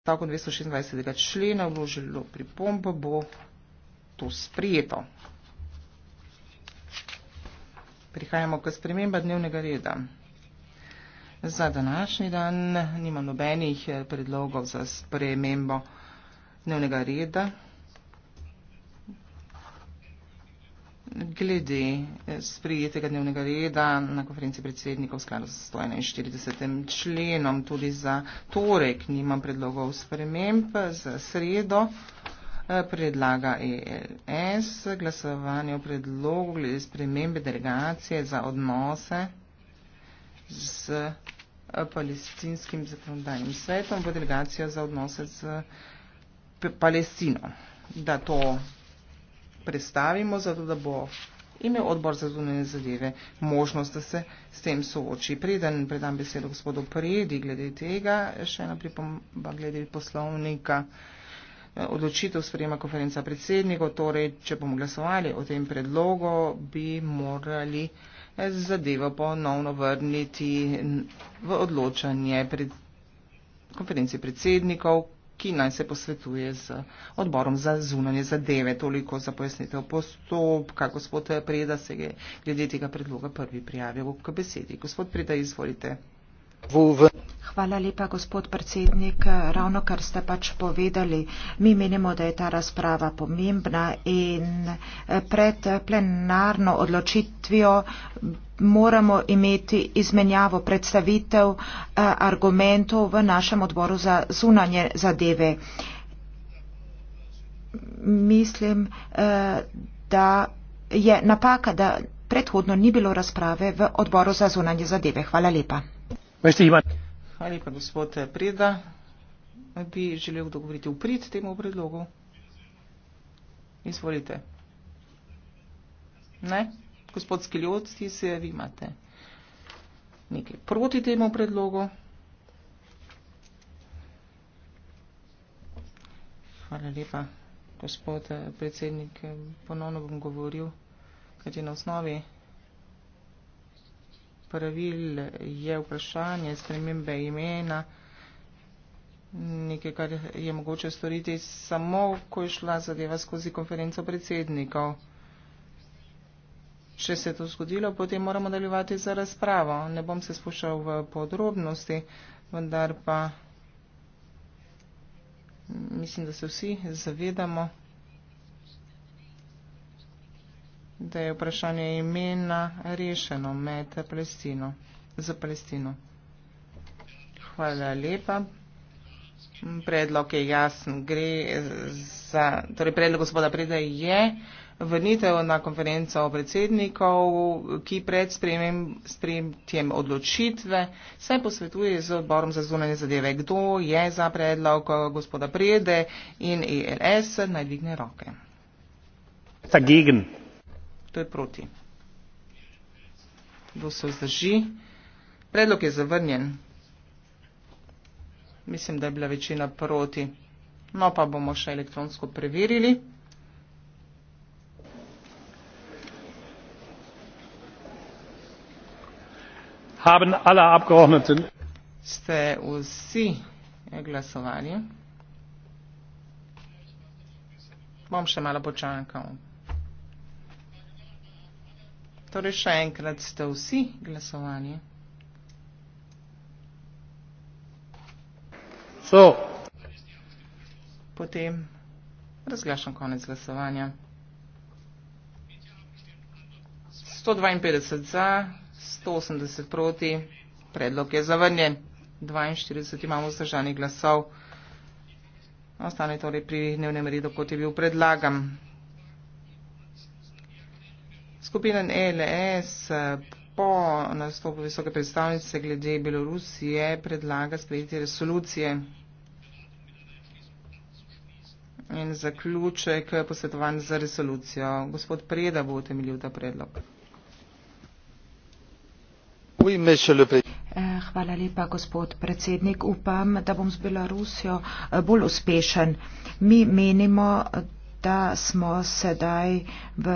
stavkom 226. člena vložilo pripombo, bo to sprijeto. Prihajamo k sprememba dnevnega reda. Za današnji dan nima nobenih eh, predlogov za spremembo dnevnega reda. glede eh, sprijetega dnevnega reda na konferenci predsednikov v skladu s 141. členom. Tudi za torek nimam predlogov sprememb, za sredo eh, predlaga ELS glasovanje o predlogu glede spremembe delegacije za odnose z eh, palestinskim zakonodajnim svetom v delegacijo za odnose z Palestino. Da to predstavimo, zato da bo imel odbor za zunanje zadeve možnost, da se s tem sooči. Preden predam besedo gospodu Predi, glede tega, še ena pripomba glede poslovnika, odločitev sprejema konferenca predsednikov, torej, če bomo glasovali o tem predlogu, bi morali zadevo ponovno vrniti v odločanje pred konferenci predsednikov, ki naj se posvetuje z odborom za zunanje zadeve. Toliko za pojasnitev postopka. Gospod Preda se je glede tega predloga prvi prijavil k besedi. Gospod Preda, izvolite. Hvala lepa, gospod predsednik. Ravno kar ste pač povedali, mi menimo, da je ta razprava pomembna in eh, pred plenarno odločitvijo moramo imeti izmenjavo predstavitev eh, argumentov v našem odboru za zunanje zadeve. Mislim, eh, da je napaka, da predhodno ni bilo razprave v odboru za zunanje zadeve. Hvala lepa. Hvala lepa, gospod Preda. Bi želel kdo govoriti v prid temu predlogu? Izvolite. Ne? Gospod Skiljot, ti se vi imate nekaj proti temu predlogu. Hvala lepa, gospod predsednik. Ponovno bom govoril, kaj je na osnovi pravil je vprašanje spremembe imena, nekaj, kar je mogoče storiti samo, ko je šla zadeva skozi konferenco predsednikov. Če se je to zgodilo, potem moramo nadaljevati za razpravo. Ne bom se spuščal v podrobnosti, vendar pa mislim, da se vsi zavedamo. da je vprašanje imena rešeno med Palestino, za Palestino. Hvala lepa. Predlog je jasen, gre za, torej predlog gospoda Preda je vrnitev na konferenco predsednikov, ki pred sprejemtjem odločitve se posvetuje z odborom za zunanje zadeve. Kdo je za predlog gospoda Prede in ELS, naj dvigne roke. Dagegen. To je proti. Kdo se vzdrži? Predlog je zavrnjen. Mislim, da je bila večina proti. No, pa bomo še elektronsko preverili. Haben alle abgeordneten. Ste vsi glasovali? Bom še malo počakal. Torej še enkrat ste vsi glasovanje. So. Potem razglašam konec glasovanja. 152 za, 180 proti, predlog je zavrnjen. 42 imamo vzdržanih glasov. Ostane torej pri dnevnem redu, kot je bil predlagan. Skupina NLS po nastopu visoke predstavnice glede Belorusije predlaga sprejeti resolucije. In zaključek posvetovan za resolucijo. Gospod Preda bo utemeljil ta predlog. Eh, hvala lepa, gospod predsednik. Upam, da bom z Belorusijo eh, bolj uspešen. Mi menimo, da smo sedaj v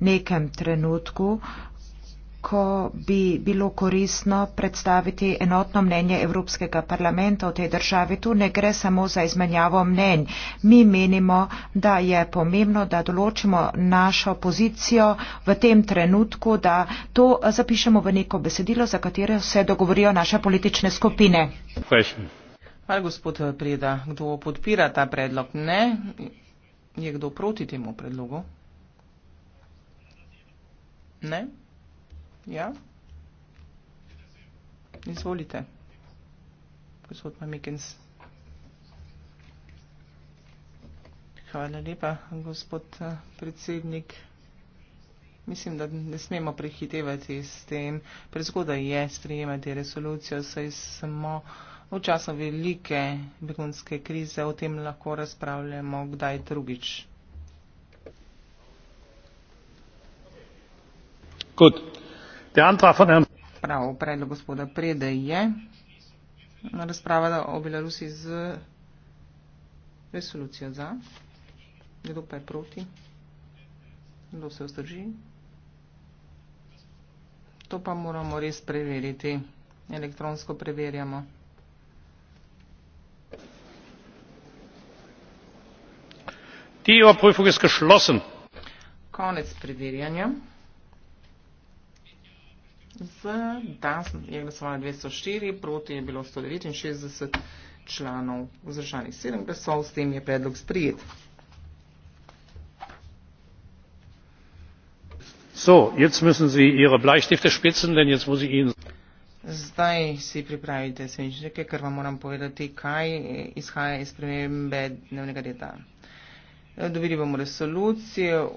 nekem trenutku, ko bi bilo korisno predstaviti enotno mnenje Evropskega parlamenta v tej državi. Tu ne gre samo za izmenjavo mnenj. Mi menimo, da je pomembno, da določimo našo pozicijo v tem trenutku, da to zapišemo v neko besedilo, za katero se dogovorijo naše politične skupine. Hvala, gospod Preda. Kdo podpira ta predlog? Ne. Je kdo proti temu predlogu? Ne? Ja? Izvolite. Gospod Mamikens. Hvala lepa, gospod eh, predsednik. Mislim, da ne smemo prehitevati s tem. Prezgodaj je sprejemati resolucijo, saj smo uh, v času velike begunske krize. O tem lahko razpravljamo kdaj drugič. Prav, predlog gospoda Prede je razprava o Belarusi z resolucijo za. Kdo pa je proti? Kdo se vzdrži? To pa moramo res preveriti. Elektronsko preverjamo. die überprüfung ist geschlossen. članov vzdržanih sedem glasov, s tem je predlog sprijet. So, jetzt müssen Sie Ihre Bleistifte spitzen, denn jetzt muss ich Ihnen... Zdaj si pripravite svinčnike, ker vam moram povedati, kaj izhaja iz premembe dnevnega deta dobili bomo resolucijo,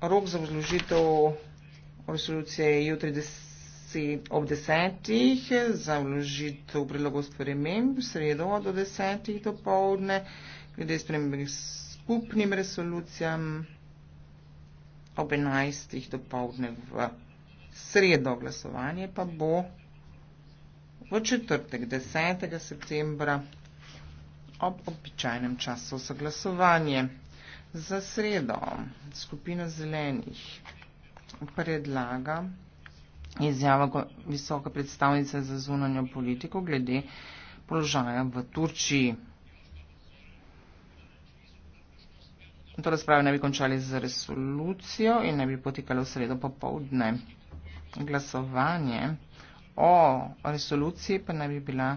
rok za vložitev resolucije je jutri ob desetih, za vložitev predlogov sprememb sredo do desetih do povdne, glede spremembe skupnim resolucijam ob enajstih do povdne v sredo glasovanje pa bo v četrtek 10. septembra 2020 ob običajnem času za glasovanje. Za sredo skupina zelenih predlaga izjava visoka predstavnica za zunanjo politiko glede položaja v Turčiji. To razpravo ne bi končali z resolucijo in ne bi potekalo v sredo popovdne. Glasovanje o resoluciji pa ne bi bila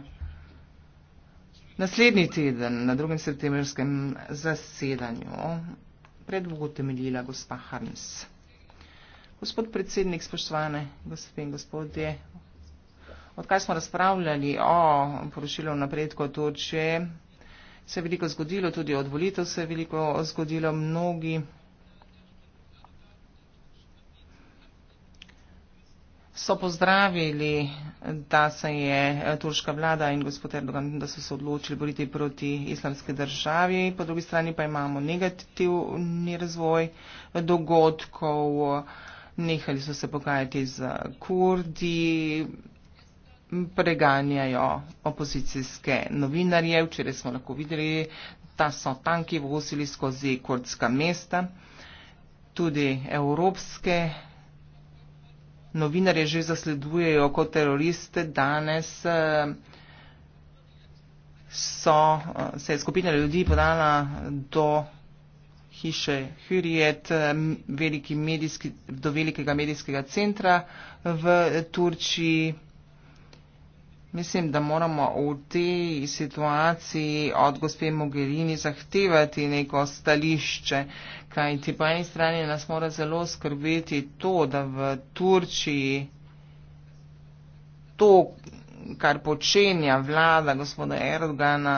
Naslednji teden, na drugem septembrskem zasedanju, pred bo temeljila gospa Harms. Gospod predsednik, spoštovane gospe in gospodje, odkaj smo razpravljali o porušilu napredko Turčije, se je veliko zgodilo, tudi od volitev se je veliko zgodilo, mnogi so pozdravili, da se je eh, turška vlada in gospod Erdogan, da so se odločili boriti proti islamske državi. Po drugi strani pa imamo negativni razvoj dogodkov, nehali so se pogajati z kurdi, preganjajo opozicijske novinarje. Včeraj smo lahko videli, da so tanki vozili skozi kurdska mesta. Tudi evropske novinarje že zasledujejo kot teroriste, danes eh, so, eh, se je skupina ljudi podala do hiše Hürjet, eh, veliki medijski, do velikega medijskega centra v Turčiji. Mislim, da moramo v tej situaciji od gospe Mogherini zahtevati neko stališče, kajti po eni strani nas mora zelo skrbeti to, da v Turčiji to, kar počenja vlada gospoda Erdogana,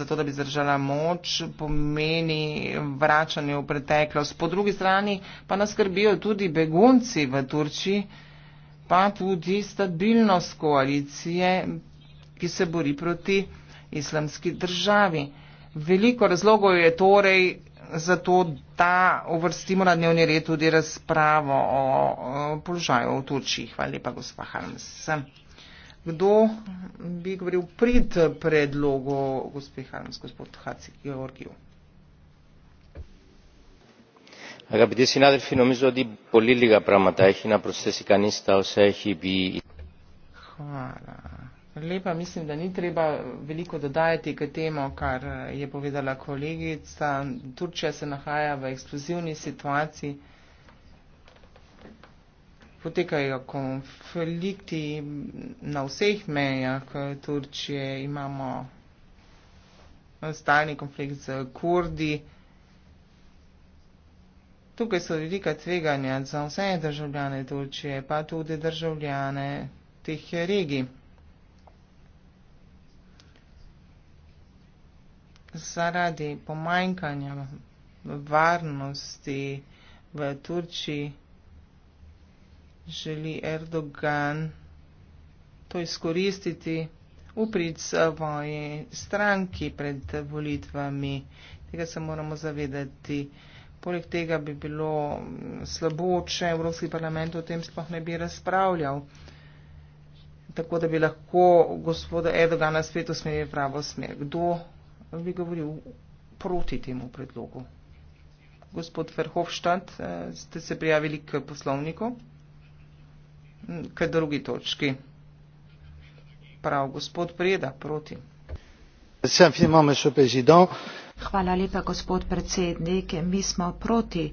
zato da bi zdržala moč, pomeni vračanje v preteklost. Po drugi strani pa nas skrbijo tudi begunci v Turčiji pa tudi stabilnost koalicije, ki se bori proti islamski državi. Veliko razlogov je torej za to, da uvrstimo na dnevni red tudi razpravo o, o položaju v Turčiji. Hvala lepa, gospa Harms. Kdo bi govoril prid predlogu gospe Harms, gospod Hacik Georgiju? αγαπητοί συνάδελφοι νομίζω ότι πολύ λίγα πράγματα έχει να προσθέσει κανεί στα όσα έχει πει. Χωρά. Lepa, mislim, da ni treba veliko dodajati k temu, kar je povedala kolegica. Turčija se nahaja v eksplozivni situaciji, potekajo konflikti na vseh mejah Turčije, imamo stalni konflikt z Kurdi tukaj so velika tveganja za vse državljane Turčije, pa tudi državljane teh regij. Zaradi pomanjkanja varnosti v Turčiji želi Erdogan to izkoristiti v prid svoji stranki pred volitvami. Tega se moramo zavedati. Poleg tega bi bilo mm, slabo, če Evropski parlament o tem sploh ne bi razpravljal. Tako da bi lahko gospoda Erdogana spet usmerili v pravo smer. Kdo bi govoril proti temu predlogu? Gospod Verhofstadt, eh, ste se prijavili k poslovniku, mm, k drugi točki. Prav, gospod Preda, proti. Merci infiniment, monsieur le président. Euh, Hvala lepa, gospod predsednik. Mi smo proti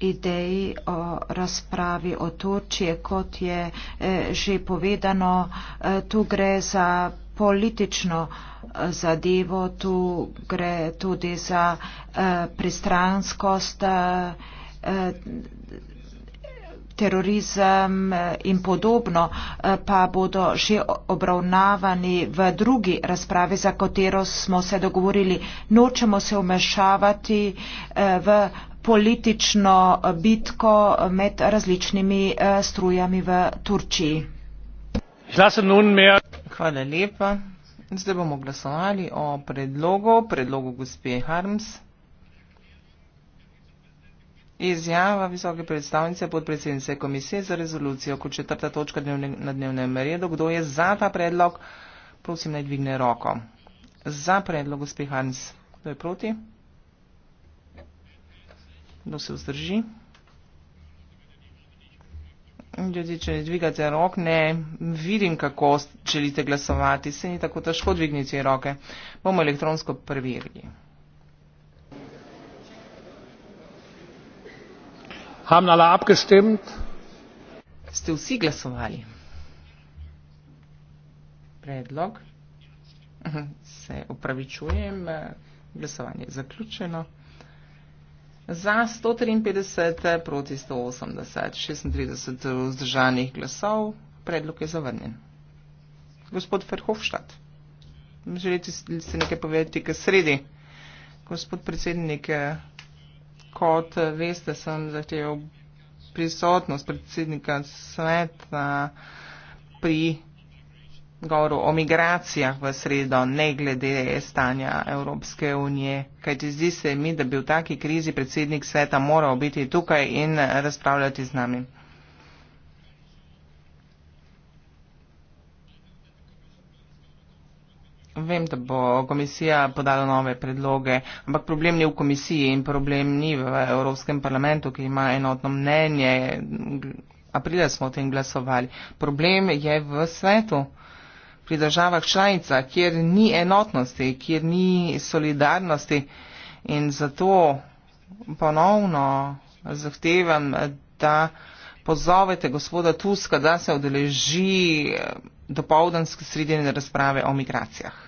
ideji o razpravi o Turčiji, kot je eh, že povedano. Eh, tu gre za politično eh, zadevo, tu gre tudi za pristranskost terorizem eh, in podobno, eh, pa bodo že obravnavani v drugi razpravi, za katero smo se dogovorili. Nočemo se umešavati eh, v politično bitko med različnimi strujami v Turčiji. Hvala lepa. Zdaj bomo glasovali o predlogu, predlogu gospe Harms. Izjava visoke predstavnice podpredsednice komisije za rezolucijo kot četrta točka dnevne, na dnevnem redu. Kdo je za ta predlog? Prosim, naj dvigne roko. Za predlog, gospod Hans. Kdo je proti? Kdo se vzdrži? Ljudje, če ne dvigate rok, ne vidim, kako želite glasovati. Se ni tako težko dvigniti roke. Bomo elektronsko preverili. haben alle abgestimmt? Ste vsi glasovali? Predlog? Se opravičujem, eh, glasovanje je zaključeno. Za 153 eh, proti 180, 36 vzdržanih glasov, predlog je zavrnjen. Gospod Ferhofštad, želite si nekaj povedati, kaj sredi? Gospod predsednik, eh, kot veste, sem zahteval prisotnost predsednika sveta pri govoru o migracijah v sredo, ne glede stanja Evropske unije. Kajti zdi se mi, da bi v taki krizi predsednik sveta moral biti tukaj in razpravljati z nami. Vem, da bo komisija podala nove predloge, ampak problem ni v komisiji in problem ni v Evropskem parlamentu, ki ima enotno mnenje. Aprila smo o tem glasovali. Problem je v svetu, pri državah članica, kjer ni enotnosti, kjer ni solidarnosti. In zato ponovno zahtevam, da pozovete gospoda Tuska, da se odeleži eh, dopovdanske sredine razprave o migracijah.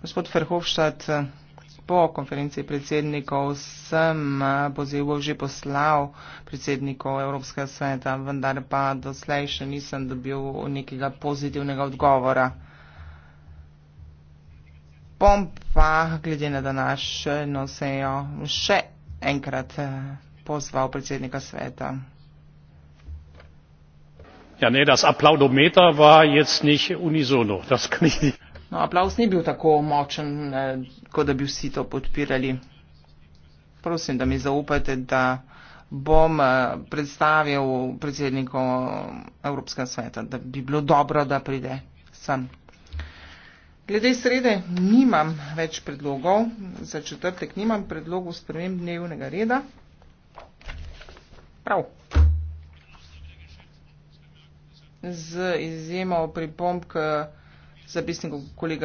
Gospod Verhofstadt, po konferenciji predsednikov sem eh, pozivov že poslal predsednikov Evropskega sveta, vendar pa doslej še nisem dobil nekega pozitivnega odgovora. Bom pa, glede na današnjo sejo, še enkrat eh, pozval predsednika sveta. Ja, das applaudometer war jetzt nicht unisono das kann ich nicht. No, aplauz ni bil tako močen, eh, kot da bi vsi to podpirali. Prosim, da mi zaupate, da bom eh, predstavil predsedniku eh, Evropskega sveta, da bi bilo dobro, da pride sem. Glede srede nimam več predlogov, za četrtek nimam predlogov spremem dnevnega reda. Prav z izjemo pripomb k zapisniku kolega.